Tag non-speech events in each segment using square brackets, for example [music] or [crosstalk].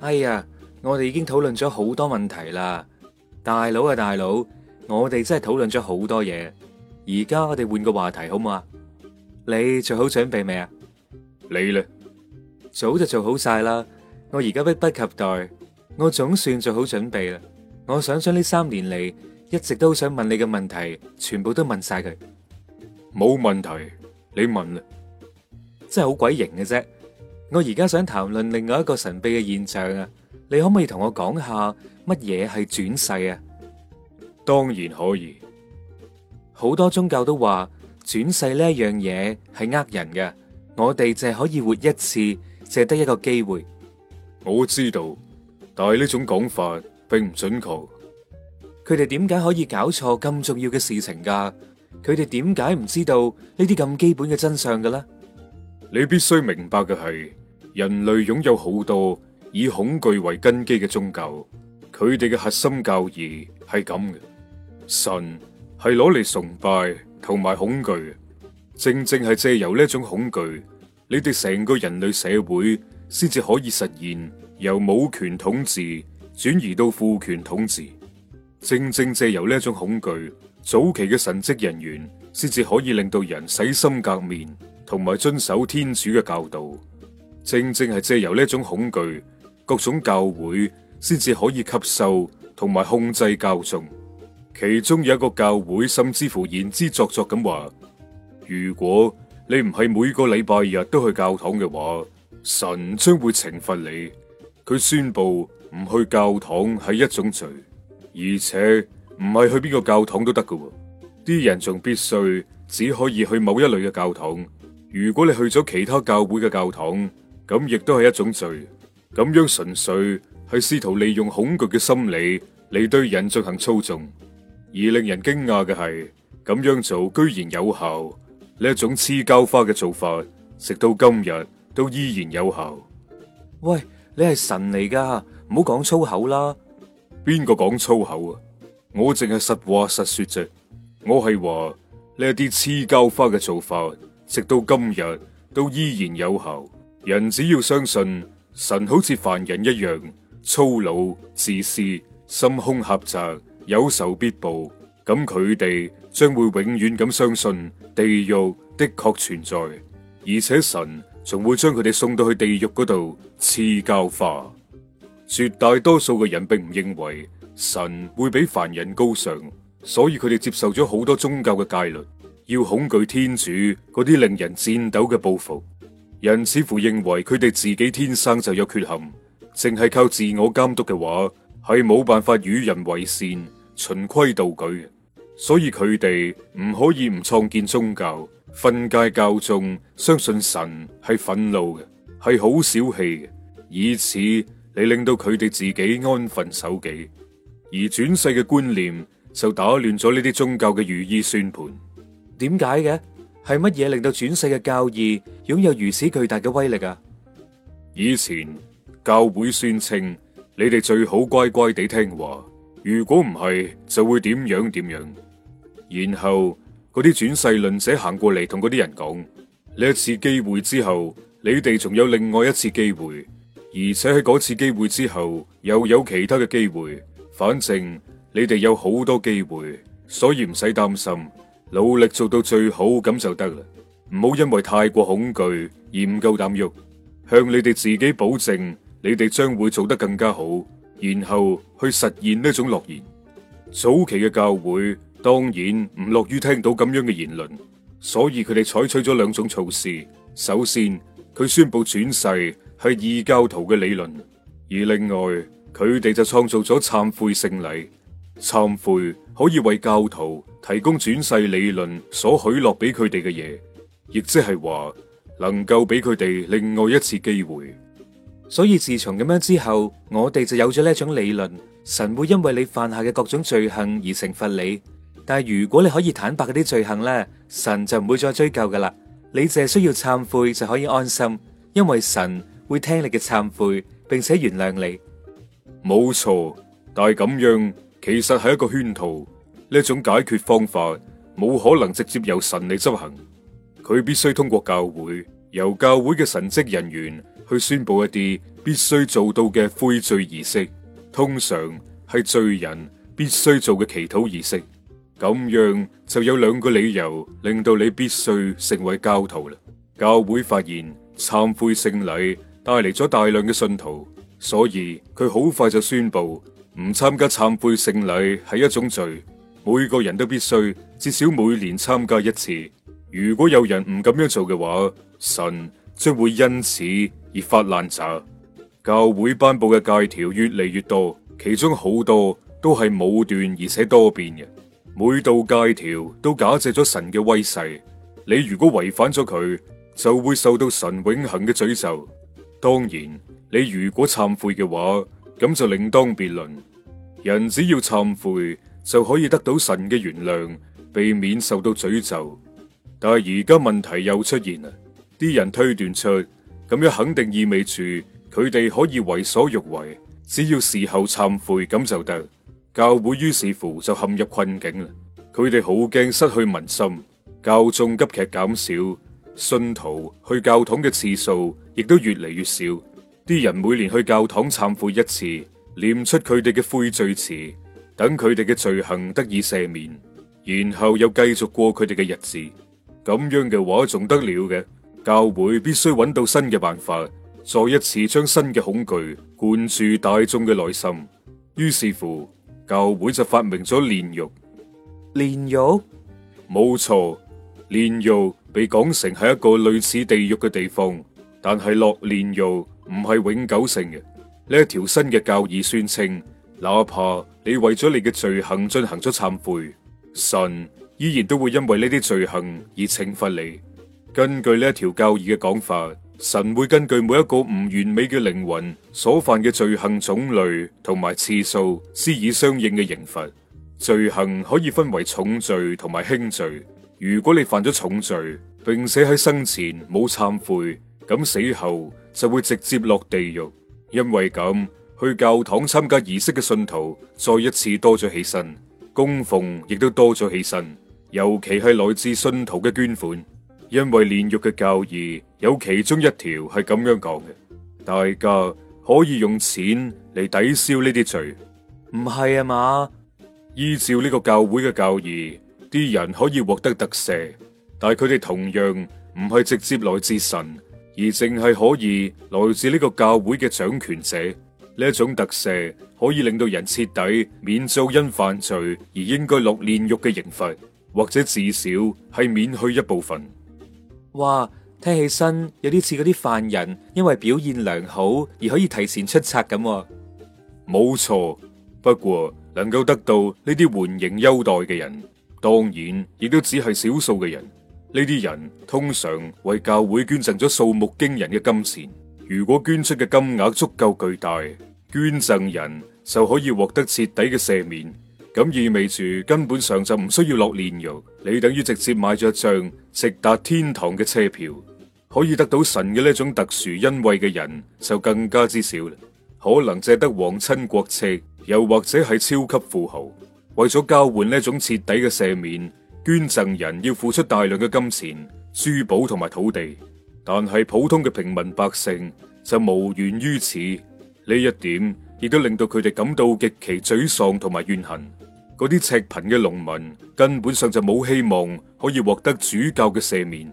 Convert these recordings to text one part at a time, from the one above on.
哎呀，我哋已經討論咗好多問題啦，大佬啊大佬，我哋真係討論咗好多嘢，而家我哋換個話題好唔好啊？你做好準備未啊？你呢？早就做好晒啦，我而家迫不及待，我總算做好準備啦，我想將呢三年嚟一直都想問你嘅問題，全部都問晒佢，冇問題，你問啦，真係好鬼型嘅啫。我而家想談論另外一個神秘嘅現象啊，你可唔可以同我講下乜嘢係轉世啊？當然可以。好多宗教都話轉世呢一樣嘢係呃人嘅，我哋淨係可以活一次，淨得一個機會。我知道，但係呢種講法並唔準確。佢哋點解可以搞錯咁重要嘅事情噶？佢哋點解唔知道呢啲咁基本嘅真相嘅咧？你必須明白嘅係。人類擁有好多以恐懼為根基嘅宗教，佢哋嘅核心教義係咁嘅。神係攞嚟崇拜同埋恐懼，正正係借由呢一種恐懼，你哋成個人類社會先至可以實現由母權統治轉移到父權統治。正正借由呢一種恐懼，早期嘅神職人員先至可以令到人洗心革面，同埋遵守天主嘅教導。正正係借由呢種恐懼，各種教會先至可以吸收同埋控制教眾。其中有一個教會，甚至乎言之鑿鑿咁話：如果你唔係每個禮拜日都去教堂嘅話，神將會懲罰你。佢宣佈唔去教堂係一種罪，而且唔係去邊個教堂都得噶。啲人仲必須只可以去某一類嘅教堂。如果你去咗其他教會嘅教堂，咁亦都係一種罪，咁樣純粹係試圖利用恐懼嘅心理嚟對人進行操縱。而令人驚訝嘅係，咁樣做居然有效。呢一種黐膠花嘅做法，直到今日都依然有效。喂，你係神嚟噶，唔好講粗口啦。邊個講粗口啊？我淨係實話實說啫。我係話呢一啲黐膠花嘅做法，直到今日都依然有效。人只要相信神好似凡人一樣粗魯、自私、心胸狹窄、有仇必報，咁佢哋將會永遠咁相信地獄的確存在，而且神仲會將佢哋送到去地獄嗰度賜教化。絕大多數嘅人並唔認為神會比凡人高尚，所以佢哋接受咗好多宗教嘅戒律，要恐懼天主嗰啲令人顫抖嘅報復。人似乎認為佢哋自己天生就有缺陷，淨係靠自我監督嘅話，係冇辦法與人為善、循規蹈矩。所以佢哋唔可以唔創建宗教、訓誡教眾、相信神係憤怒嘅，係好小氣嘅，以此嚟，令到佢哋自己安分守己。而轉世嘅觀念就打亂咗呢啲宗教嘅如意算盤。點解嘅？係乜嘢令到轉世嘅教義擁有如此巨大嘅威力啊？以前教會宣稱你哋最好乖乖地聽話，如果唔係就會點樣點樣。然後嗰啲轉世論者行過嚟，同嗰啲人講：呢一次機會之後，你哋仲有另外一次機會，而且喺嗰次機會之後又有其他嘅機會。反正你哋有好多機會，所以唔使擔心。努力做到最好咁就得啦，唔好因為太過恐懼而唔夠膽郁，向你哋自己保證，你哋將會做得更加好，然後去實現呢種諾言。早期嘅教會當然唔樂於聽到咁樣嘅言論，所以佢哋採取咗兩種措施。首先，佢宣布轉世係異教徒嘅理論，而另外佢哋就創造咗懺悔聖禮。懺悔可以為教徒提供轉世理論所許諾俾佢哋嘅嘢，亦即係話能夠俾佢哋另外一次機會。所以自從咁樣之後，我哋就有咗呢一種理論：神會因為你犯下嘅各種罪行而懲罰你，但係如果你可以坦白嗰啲罪行咧，神就唔會再追究噶啦。你淨係需要懺悔就可以安心，因為神會聽你嘅懺悔，並且原諒你。冇錯，但係咁樣。其實係一個圈套，呢一種解決方法冇可能直接由神嚟執行，佢必須通過教會，由教會嘅神職人員去宣布一啲必須做到嘅悔罪儀式，通常係罪人必須做嘅祈禱儀式。咁樣就有兩個理由令到你必須成為教徒啦。教會發現懺悔聖禮帶嚟咗大量嘅信徒，所以佢好快就宣布。唔參加懺悔聖禮係一種罪，每個人都必須至少每年參加一次。如果有人唔咁樣做嘅話，神將會因此而發爛渣。教會頒布嘅戒條越嚟越多，其中好多都係武斷而且多變嘅。每道戒條都假借咗神嘅威勢，你如果違反咗佢，就會受到神永恆嘅詛咒。當然，你如果懺悔嘅話。咁就另當別論，人只要懺悔就可以得到神嘅原諒，避免受到詛咒。但係而家問題又出現啦，啲人推斷出咁樣肯定意味住佢哋可以為所欲為，只要事後懺悔咁就得。教會於是乎就陷入困境啦，佢哋好驚失去民心，教眾急劇減少，信徒去教堂嘅次數亦都越嚟越少。啲人每年去教堂懺悔一次，念出佢哋嘅悔罪詞，等佢哋嘅罪行得以赦免，然後又繼續過佢哋嘅日子。咁樣嘅話仲得了嘅？教會必須揾到新嘅辦法，再一次將新嘅恐懼灌注大眾嘅內心。於是乎，教會就發明咗煉獄。煉獄？冇錯，煉獄被講成係一個類似地獄嘅地方，但係落煉獄。唔係永久性嘅。呢一條新嘅教義宣稱，哪怕你為咗你嘅罪行進行咗懺悔，神依然都會因為呢啲罪行而懲罰你。根據呢一條教義嘅講法，神會根據每一個唔完美嘅靈魂所犯嘅罪行種類同埋次數，施以相應嘅刑罰。罪行可以分為重罪同埋輕罪。如果你犯咗重罪，並且喺生前冇懺悔，咁死後。就會直接落地獄，因為咁，去教堂參加儀式嘅信徒再一次多咗起身，供奉亦都多咗起身，尤其係來自信徒嘅捐款，因為煉獄嘅教義有其中一條係咁樣講嘅，大家可以用錢嚟抵消呢啲罪，唔係啊嘛？依照呢個教會嘅教義，啲人可以獲得特赦，但係佢哋同樣唔係直接來自神。而淨係可以來自呢個教會嘅掌權者，呢一種特赦，可以令到人徹底免遭因犯罪而應該落煉獄嘅刑罰，或者至少係免去一部分。哇，聽起身有啲似嗰啲犯人因為表現良好而可以提前出冊咁，喎。冇錯，不過能夠得到呢啲緩刑優待嘅人，當然亦都只係少數嘅人。呢啲人通常為教會捐贈咗數目驚人嘅金錢。如果捐出嘅金額足夠巨大，捐贈人就可以獲得徹底嘅赦免，咁意味住根本上就唔需要落煉獄。你等於直接買咗一張直達天堂嘅車票。可以得到神嘅呢種特殊恩惠嘅人就更加之少啦。可能借得皇親國戚，又或者係超級富豪，為咗交換呢種徹底嘅赦免。捐贈人要付出大量嘅金錢、珠寶同埋土地，但係普通嘅平民百姓就無緣於此。呢一點亦都令到佢哋感到極其沮喪同埋怨恨。嗰啲赤貧嘅農民根本上就冇希望可以獲得主教嘅赦免，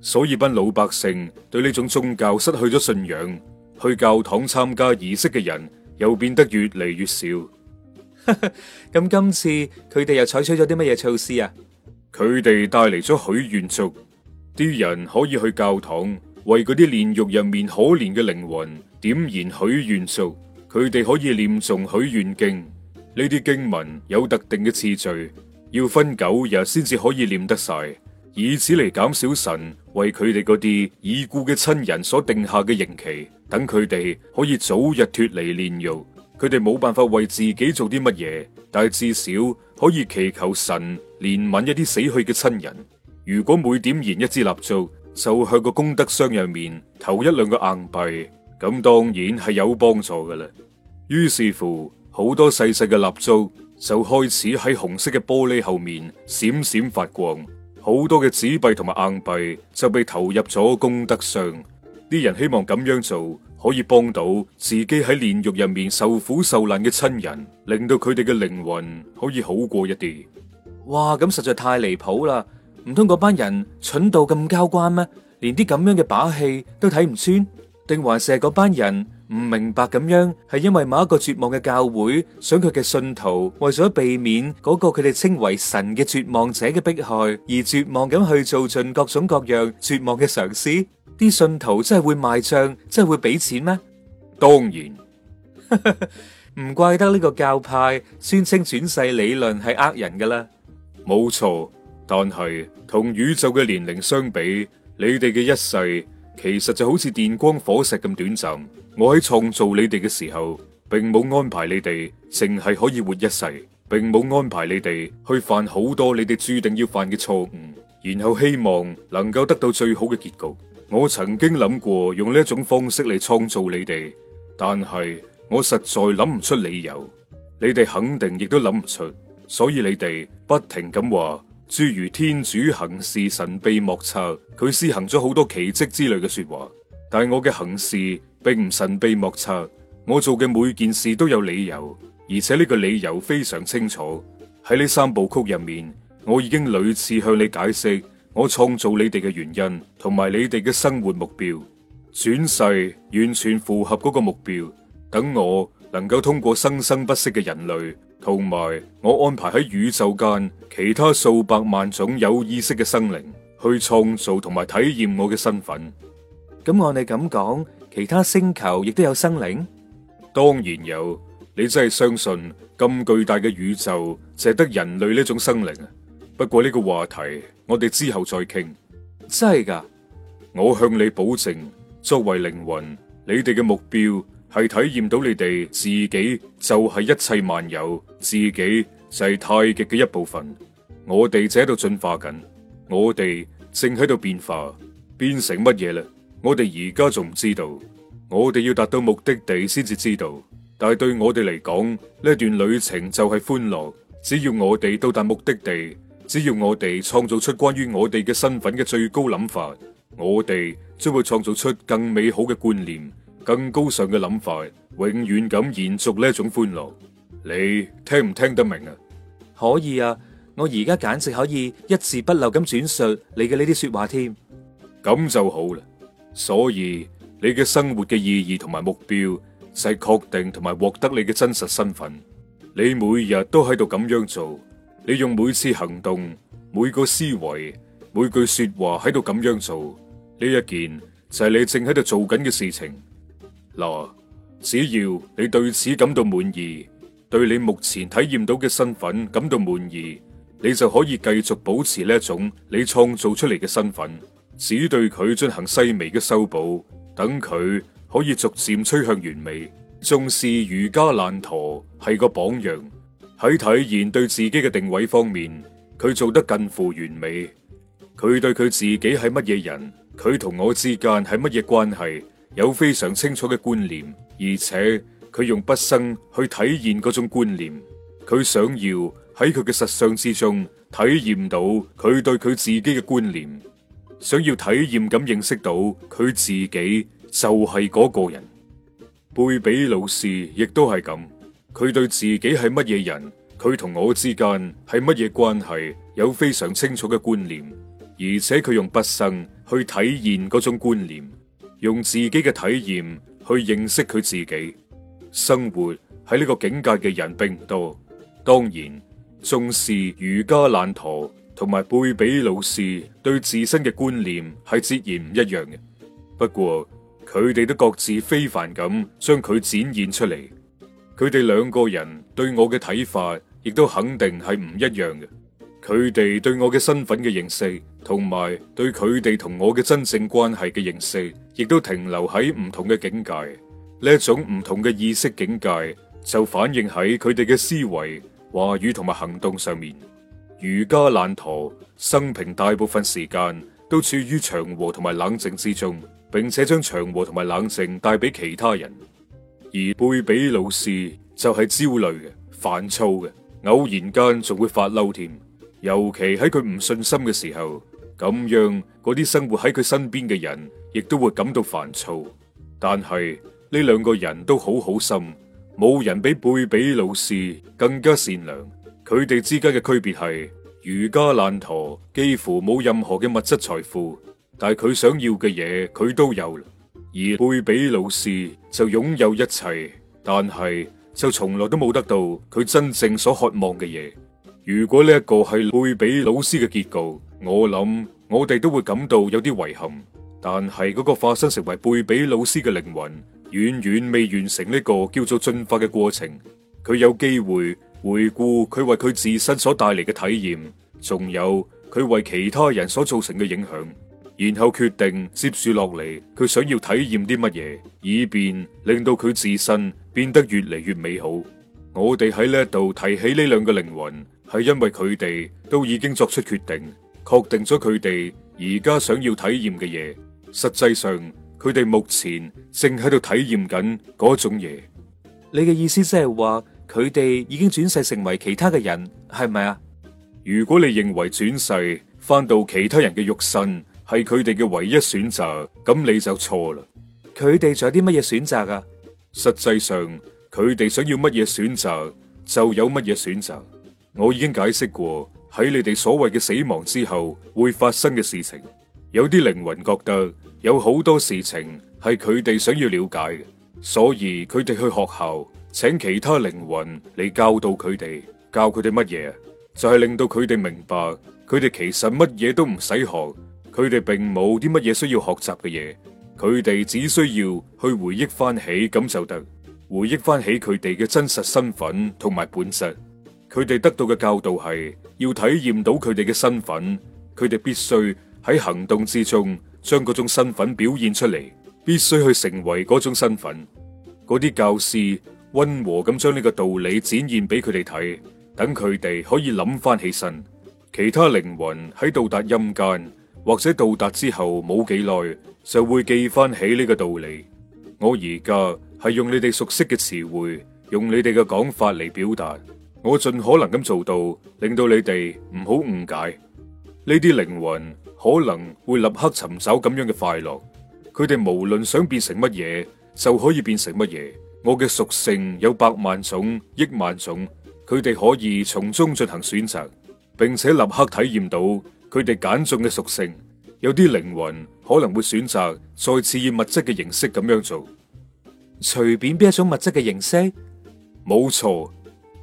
所以班老百姓對呢種宗教失去咗信仰，去教堂參加儀式嘅人又變得越嚟越少。咁今 [laughs] 次佢哋又採取咗啲乜嘢措施啊？佢哋帶嚟咗許願燭，啲人可以去教堂為嗰啲煉獄入面可憐嘅靈魂點燃許願燭。佢哋可以念誦許願經，呢啲經文有特定嘅次序，要分九日先至可以念得晒，以此嚟減少神為佢哋嗰啲已故嘅親人所定下嘅刑期，等佢哋可以早日脫離煉獄。佢哋冇辦法為自己做啲乜嘢，但係至少。可以祈求神憐憫一啲死去嘅親人。如果每點燃一支蠟燭，就向個功德箱入面投一兩個硬幣，咁當然係有幫助㗎啦。於是乎，好多細細嘅蠟燭就開始喺紅色嘅玻璃後面閃閃發光，好多嘅紙幣同埋硬幣就被投入咗功德箱。啲人希望咁樣做。可以幫到自己喺煉獄入面受苦受難嘅親人，令到佢哋嘅靈魂可以好過一啲。哇！咁實在太離譜啦！唔通嗰班人蠢到咁交關咩？連啲咁樣嘅把戲都睇唔穿？定還是係嗰班人唔明白咁樣係因為某一個絕望嘅教會想佢嘅信徒為咗避免嗰個佢哋稱為神嘅絕望者嘅迫害而絕望咁去做盡各種各樣絕望嘅嘗試？啲信徒真係會賣賬，真係會俾錢咩？當然，唔 [laughs] 怪得呢個教派宣稱轉世理論係呃人噶啦。冇錯，但係同宇宙嘅年齡相比，你哋嘅一世其實就好似電光火石咁短暫。我喺創造你哋嘅時候，並冇安排你哋淨係可以活一世，並冇安排你哋去犯好多你哋注定要犯嘅錯誤，然後希望能夠得到最好嘅結局。我曾經諗過用呢一種方式嚟創造你哋，但係我實在諗唔出理由。你哋肯定亦都諗唔出，所以你哋不停咁話，諸如天主行事神秘莫測，佢施行咗好多奇蹟之類嘅說話。但係我嘅行事並唔神秘莫測，我做嘅每件事都有理由，而且呢個理由非常清楚。喺呢三部曲入面，我已經屢次向你解釋。我創造你哋嘅原因，同埋你哋嘅生活目標轉世，完全符合嗰個目標。等我能夠通過生生不息嘅人類，同埋我安排喺宇宙間其他數百萬種有意識嘅生靈去創造同埋體驗我嘅身份。咁按你咁講，其他星球亦都有生靈？當然有。你真係相信咁巨大嘅宇宙，只得人類呢種生靈啊？不過呢個話題。我哋之後再傾，真係噶，我向你保證。作為靈魂，你哋嘅目標係體驗到你哋自己就係一切萬有，自己就係太極嘅一部分。我哋就喺度進化緊，我哋正喺度變化，變成乜嘢啦？我哋而家仲唔知道，我哋要達到目的地先至知道。但係對我哋嚟講，呢段旅程就係歡樂，只要我哋到達目的地，只要我哋創造出關於我哋嘅身份嘅最高諗法，我哋將會創造出更美好嘅觀念、更高尚嘅諗法，永遠咁延續呢一種歡樂。你聽唔聽得明啊？可以啊，我而家簡直可以一字不漏咁轉述你嘅呢啲說話添。咁就好啦。所以你嘅生活嘅意義同埋目標就係確定同埋獲得你嘅真實身份。你每日都喺度咁樣做。你用每次行動、每個思維、每句說話喺度咁樣做呢一件，就係、是、你正喺度做緊嘅事情。嗱，只要你對此感到滿意，對你目前體驗到嘅身份感到滿意，你就可以繼續保持呢一種你創造出嚟嘅身份，只對佢進行細微嘅修補，等佢可以逐漸趨向完美。重視瑜伽難陀係個榜樣。喺體現對自己嘅定位方面，佢做得近乎完美。佢對佢自己係乜嘢人，佢同我之間係乜嘢關係，有非常清楚嘅觀念。而且佢用畢生去體驗嗰種觀念，佢想要喺佢嘅實相之中體驗到佢對佢自己嘅觀念，想要體驗咁認識到佢自己就係嗰個人。貝比老師亦都係咁。佢對自己係乜嘢人，佢同我之間係乜嘢關係，有非常清楚嘅觀念，而且佢用畢生去體驗嗰種觀念，用自己嘅體驗去認識佢自己。生活喺呢個境界嘅人並唔多，當然，重視瑜伽懶陀同埋貝比老師對自身嘅觀念係截然唔一樣嘅。不過，佢哋都各自非凡咁將佢展現出嚟。佢哋兩個人對我嘅睇法，亦都肯定係唔一樣嘅。佢哋對我嘅身份嘅認識，同埋對佢哋同我嘅真正關係嘅認識，亦都停留喺唔同嘅境界。呢一種唔同嘅意識境界，就反映喺佢哋嘅思維、話語同埋行動上面。瑜伽難陀生平大部分時間都處於祥和同埋冷靜之中，並且將祥和同埋冷靜帶俾其他人。而貝比老師就係焦慮嘅、煩躁嘅，偶然間仲會發嬲添。尤其喺佢唔信心嘅時候，咁樣嗰啲生活喺佢身邊嘅人，亦都會感到煩躁。但係呢兩個人都好好心，冇人比貝比老師更加善良。佢哋之間嘅區別係，瑜伽懶陀幾乎冇任何嘅物質財富，但係佢想要嘅嘢，佢都有。而貝比老師就擁有一切，但係就從來都冇得到佢真正所渴望嘅嘢。如果呢一個係貝比老師嘅結局，我諗我哋都會感到有啲遺憾。但係嗰個化身成為貝比老師嘅靈魂，遠遠未完成呢個叫做進化嘅過程。佢有機會回顧佢為佢自身所帶嚟嘅體驗，仲有佢為其他人所造成嘅影響。然後決定接住落嚟，佢想要體驗啲乜嘢，以便令到佢自身變得越嚟越美好。我哋喺呢一度提起呢兩個靈魂，係因為佢哋都已經作出決定，確定咗佢哋而家想要體驗嘅嘢。實際上，佢哋目前正喺度體驗緊嗰種嘢。你嘅意思即係話，佢哋已經轉世成為其他嘅人，係咪啊？如果你認為轉世翻到其他人嘅肉身，係佢哋嘅唯一選擇，咁你就錯啦。佢哋仲有啲乜嘢選擇啊？實際上，佢哋想要乜嘢選擇，就有乜嘢選擇。我已經解釋過，喺你哋所謂嘅死亡之後會發生嘅事情，有啲靈魂覺得有好多事情係佢哋想要了解嘅，所以佢哋去學校請其他靈魂嚟教導佢哋，教佢哋乜嘢，就係令到佢哋明白，佢哋其實乜嘢都唔使學。佢哋並冇啲乜嘢需要學習嘅嘢，佢哋只需要去回憶翻起咁就得，回憶翻起佢哋嘅真實身份同埋本質。佢哋得到嘅教導係要體驗到佢哋嘅身份，佢哋必須喺行動之中將嗰種身份表現出嚟，必須去成為嗰種身份。嗰啲教師溫和咁將呢個道理展現俾佢哋睇，等佢哋可以諗翻起身。其他靈魂喺到達陰間。或者到達之後冇幾耐就會記翻起呢個道理。我而家係用你哋熟悉嘅詞彙，用你哋嘅講法嚟表達。我盡可能咁做到，令到你哋唔好誤解。呢啲靈魂可能會立刻尋找咁樣嘅快樂。佢哋無論想變成乜嘢，就可以變成乜嘢。我嘅屬性有百萬種、億萬種，佢哋可以從中進行選擇，並且立刻體驗到。佢哋揀中嘅屬性，有啲靈魂可能會選擇再次以物質嘅形式咁樣做，隨便邊一種物質嘅形式，冇錯錯。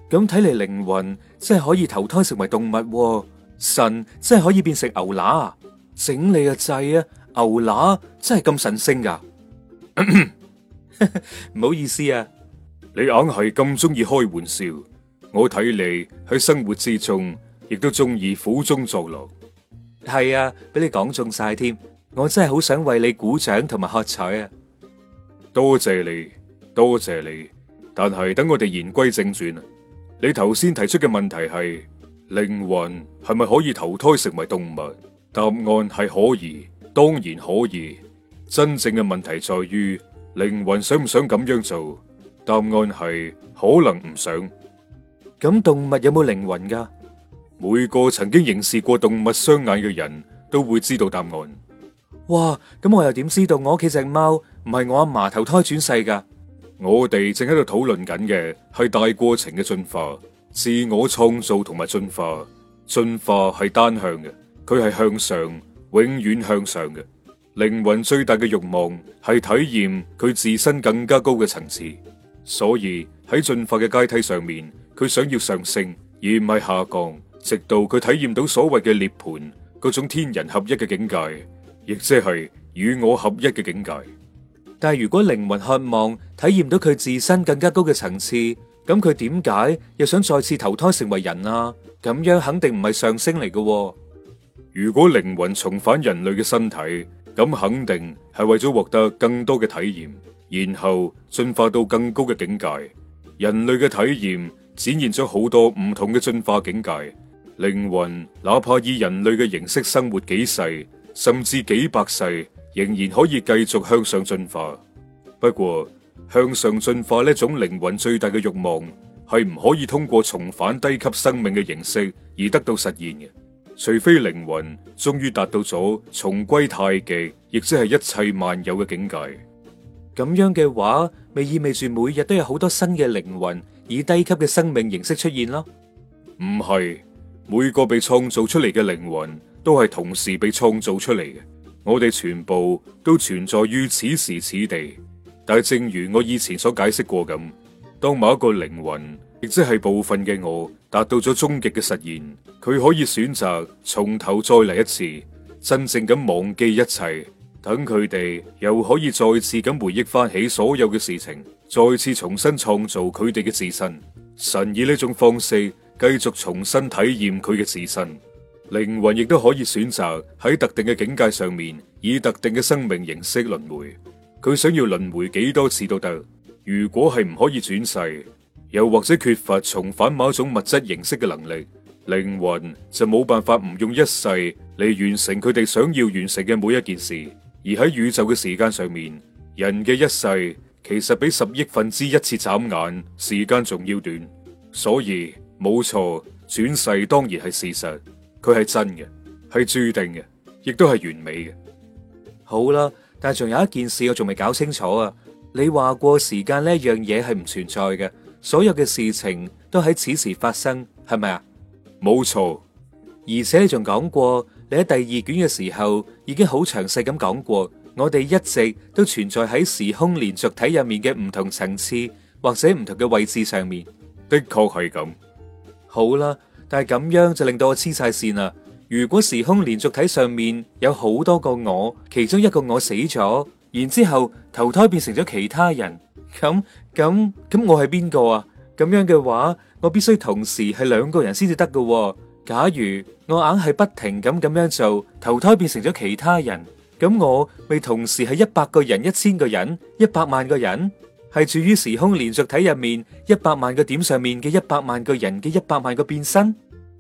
咁睇嚟靈魂真係可以投胎成為動物、啊，神真係可以變成牛乸、啊，整你個、啊、掣啊！牛乸真係咁神聖噶、啊，唔咳咳 [laughs] 好意思啊，你硬係咁中意開玩笑，我睇你喺生活之中亦都中意苦中作樂。係啊，俾你講中晒添，我真係好想為你鼓掌同埋喝彩啊！多謝你，多謝你。但係等我哋言歸正傳啊，你頭先提出嘅問題係靈魂係咪可以投胎成為動物？答案係可以，當然可以。真正嘅問題在於靈魂想唔想咁樣做？答案係可能唔想。咁動物有冇靈魂噶？每個曾經凝視過動物雙眼嘅人都會知道答案。哇，咁我又點知道我屋企隻貓唔係我阿嫲投胎轉世噶？我哋正喺度討論緊嘅係大過程嘅進化、自我創造同埋進化。進化係單向嘅，佢係向上，永遠向上嘅。靈魂最大嘅慾望係體驗佢自身更加高嘅層次，所以喺進化嘅階梯上面，佢想要上升而唔係下降。直到佢體驗到所謂嘅涅盤，嗰種天人合一嘅境界，亦即係與我合一嘅境界。但係如果靈魂渴望體驗到佢自身更加高嘅層次，咁佢點解又想再次投胎成為人啊？咁樣肯定唔係上升嚟嘅喎。如果靈魂重返人類嘅身體，咁肯定係為咗獲得更多嘅體驗，然後進化到更高嘅境界。人類嘅體驗展現咗好多唔同嘅進化境界。靈魂哪怕以人類嘅形式生活幾世，甚至幾百世，仍然可以繼續向上進化。不過，向上進化呢種靈魂最大嘅欲望係唔可以通過重返低級生命嘅形式而得到實現嘅，除非靈魂終於達到咗重歸太極，亦即係一切萬有嘅境界。咁樣嘅話，未意味住每日都有好多新嘅靈魂以低級嘅生命形式出現咯？唔係。每個被創造出嚟嘅靈魂都係同時被創造出嚟嘅，我哋全部都存在於此時此地。但正如我以前所解釋過咁，當某一個靈魂亦即係部分嘅我達到咗終極嘅實現，佢可以選擇從頭再嚟一次，真正咁忘記一切，等佢哋又可以再次咁回憶翻起所有嘅事情，再次重新創造佢哋嘅自身。神以呢種方式。繼續重新體驗佢嘅自身。靈魂亦都可以選擇喺特定嘅境界上面，以特定嘅生命形式輪迴。佢想要輪迴幾多次都得。如果係唔可以轉世，又或者缺乏重返某種物質形式嘅能力，靈魂就冇辦法唔用一世嚟完成佢哋想要完成嘅每一件事。而喺宇宙嘅時間上面，人嘅一世其實比十億分之一次眨眼時間仲要短，所以。冇錯，轉世當然係事實，佢係真嘅，係注定嘅，亦都係完美嘅。好啦，但係仲有一件事我仲未搞清楚啊！你話過時間呢一樣嘢係唔存在嘅，所有嘅事情都喺此時發生，係咪啊？冇錯，而且你仲講過，你喺第二卷嘅時候已經好詳細咁講過，我哋一直都存在喺時空連續體入面嘅唔同層次或者唔同嘅位置上面。的確係咁。好啦，但係咁樣就令到我黐晒線啦。如果時空連續體上面有好多個我，其中一個我死咗，然之後投胎變成咗其他人，咁咁咁我係邊個啊？咁樣嘅話，我必須同時係兩個人先至得㗎喎。假如我硬係不停咁咁樣做，投胎變成咗其他人，咁我咪同時係一百個人、一千個人、一百萬個人？係住於時空連續體入面一百萬個點上面嘅一百萬個人嘅一百萬個變身，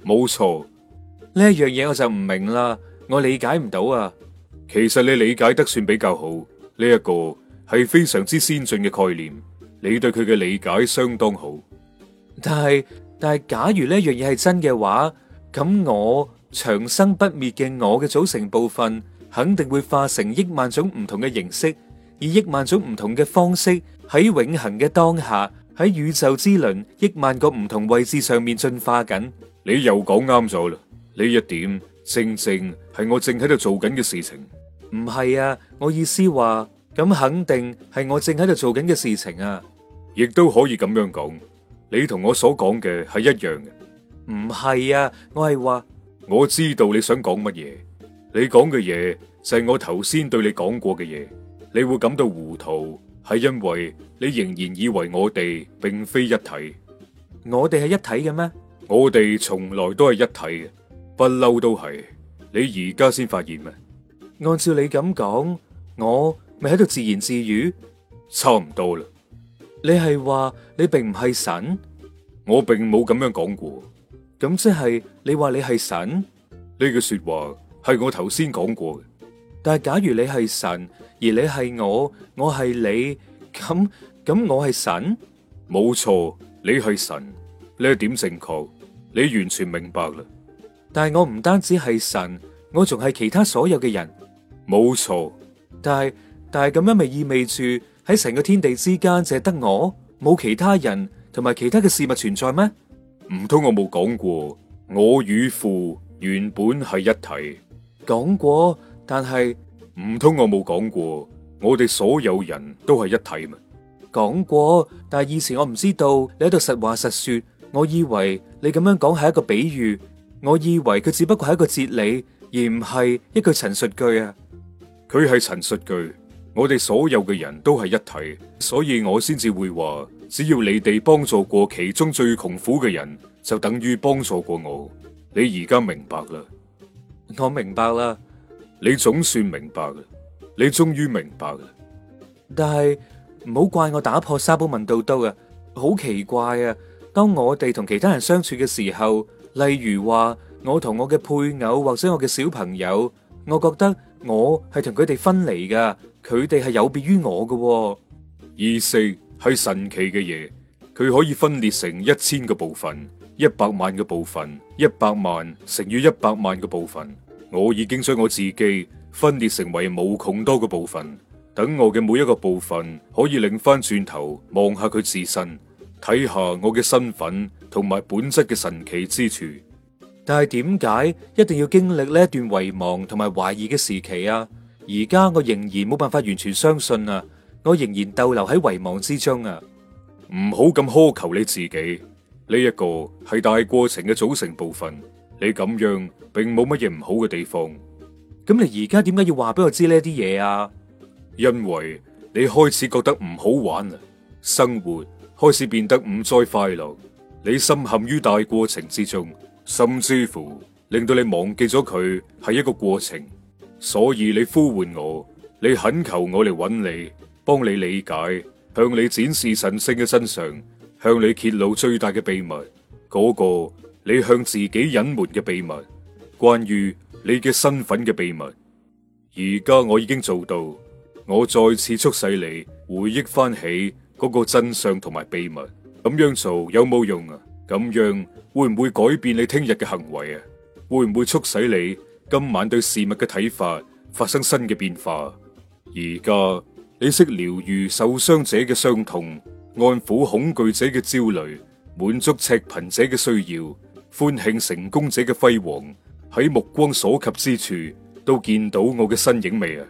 冇錯。呢一樣嘢我就唔明啦，我理解唔到啊。其實你理解得算比較好，呢一個係非常之先進嘅概念，你對佢嘅理解相當好。但係但係，假如呢樣嘢係真嘅話，咁我長生不滅嘅我嘅組成部分肯定會化成億萬種唔同嘅形式，以億萬種唔同嘅方式。喺永恒嘅當下，喺宇宙之輪億萬個唔同位置上面進化緊。你又講啱咗喇，呢一點正正係我正喺度做緊嘅事情。唔係啊，我意思話，咁肯定係我正喺度做緊嘅事情啊，亦都可以咁樣講。你同我所講嘅係一樣嘅。唔係啊，我係話，我知道你想講乜嘢。你講嘅嘢就係我頭先對你講過嘅嘢。你會感到糊塗。係因為你仍然以為我哋並非一體，我哋係一體嘅咩？我哋從來都係一體，不嬲都係。你而家先發現咩？按照你咁講，我咪喺度自言自語？差唔多啦。你係話你並唔係神？我並冇咁樣講過。咁即係你話你係神？呢句說話係我頭先講過嘅。但係，假如你係神，而你係我，我係你，咁咁，我係神，冇錯，你係神，呢一點正確，你完全明白啦。但係，我唔單止係神，我仲係其他所有嘅人，冇錯。但係但係咁樣，咪意味住喺成個天地之間，淨係得我，冇其他人同埋其他嘅事物存在咩？唔通我冇講過，我與父原本係一體？講過。但係唔通我冇講過，我哋所有人都係一體嘛？講過，但係以前我唔知道，你喺度實話實說，我以為你咁樣講係一個比喻，我以為佢只不過係一個哲理，而唔係一句陳述句啊。佢係陳述句，我哋所有嘅人都係一體，所以我先至會話，只要你哋幫助過其中最窮苦嘅人，就等於幫助過我。你而家明白啦？我明白啦。你總算明白啦，你終於明白啦。但係唔好怪我打破沙煲問到篤啊！好奇怪啊！當我哋同其他人相處嘅時候，例如話我同我嘅配偶或者我嘅小朋友，我覺得我係同佢哋分離噶，佢哋係有別於我嘅啊。意識係神奇嘅嘢，佢可以分裂成一千個部分、一百萬個部分、一百萬乘以一百萬個部分。我已經將我自己分裂成為無窮多嘅部分，等我嘅每一個部分可以擰翻轉頭望下佢自身，睇下我嘅身份同埋本質嘅神奇之處。但係點解一定要經歷呢一段遺忘同埋懷疑嘅時期啊？而家我仍然冇辦法完全相信啊，我仍然逗留喺遺忘之中啊！唔好咁苛求你自己，呢一個係大過程嘅組成部分。你咁樣並冇乜嘢唔好嘅地方，咁你而家點解要話俾我知呢啲嘢啊？因為你開始覺得唔好玩啦，生活開始變得唔再快樂，你深陷於大過程之中，甚至乎令到你忘記咗佢係一個過程，所以你呼喚我，你懇求我嚟揾你，幫你理解，向你展示神聖嘅真相，向你揭露最大嘅秘密，嗰個，你向自己隱瞞嘅秘密，關於你嘅身份嘅秘密，而家，我已經做到。我再次促使你回憶翻起嗰個真相同埋秘密。咁樣做有冇用啊？咁樣會唔會改變你聽日嘅行為啊？會唔會促使你今晚對事物嘅睇法發生新嘅變化？而家你識療愈受傷者嘅傷痛，安撫恐懼者嘅焦慮，滿足赤貧者嘅需要。歡慶成功者嘅輝煌，喺目光所及之處都見到我嘅身影未啊？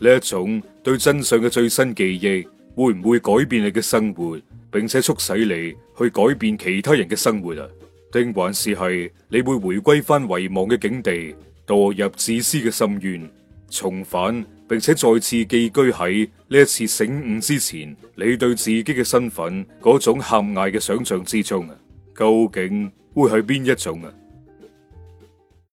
呢一種對真相嘅最新記憶，會唔會改變你嘅生活，並且促使你去改變其他人嘅生活啊？定還是係你會回歸翻遺忘嘅境地，墮入自私嘅深淵，重返並且再次寄居喺呢一次醒悟之前，你對自己嘅身份嗰種狹隘嘅想象之中啊？究竟會係邊一種啊？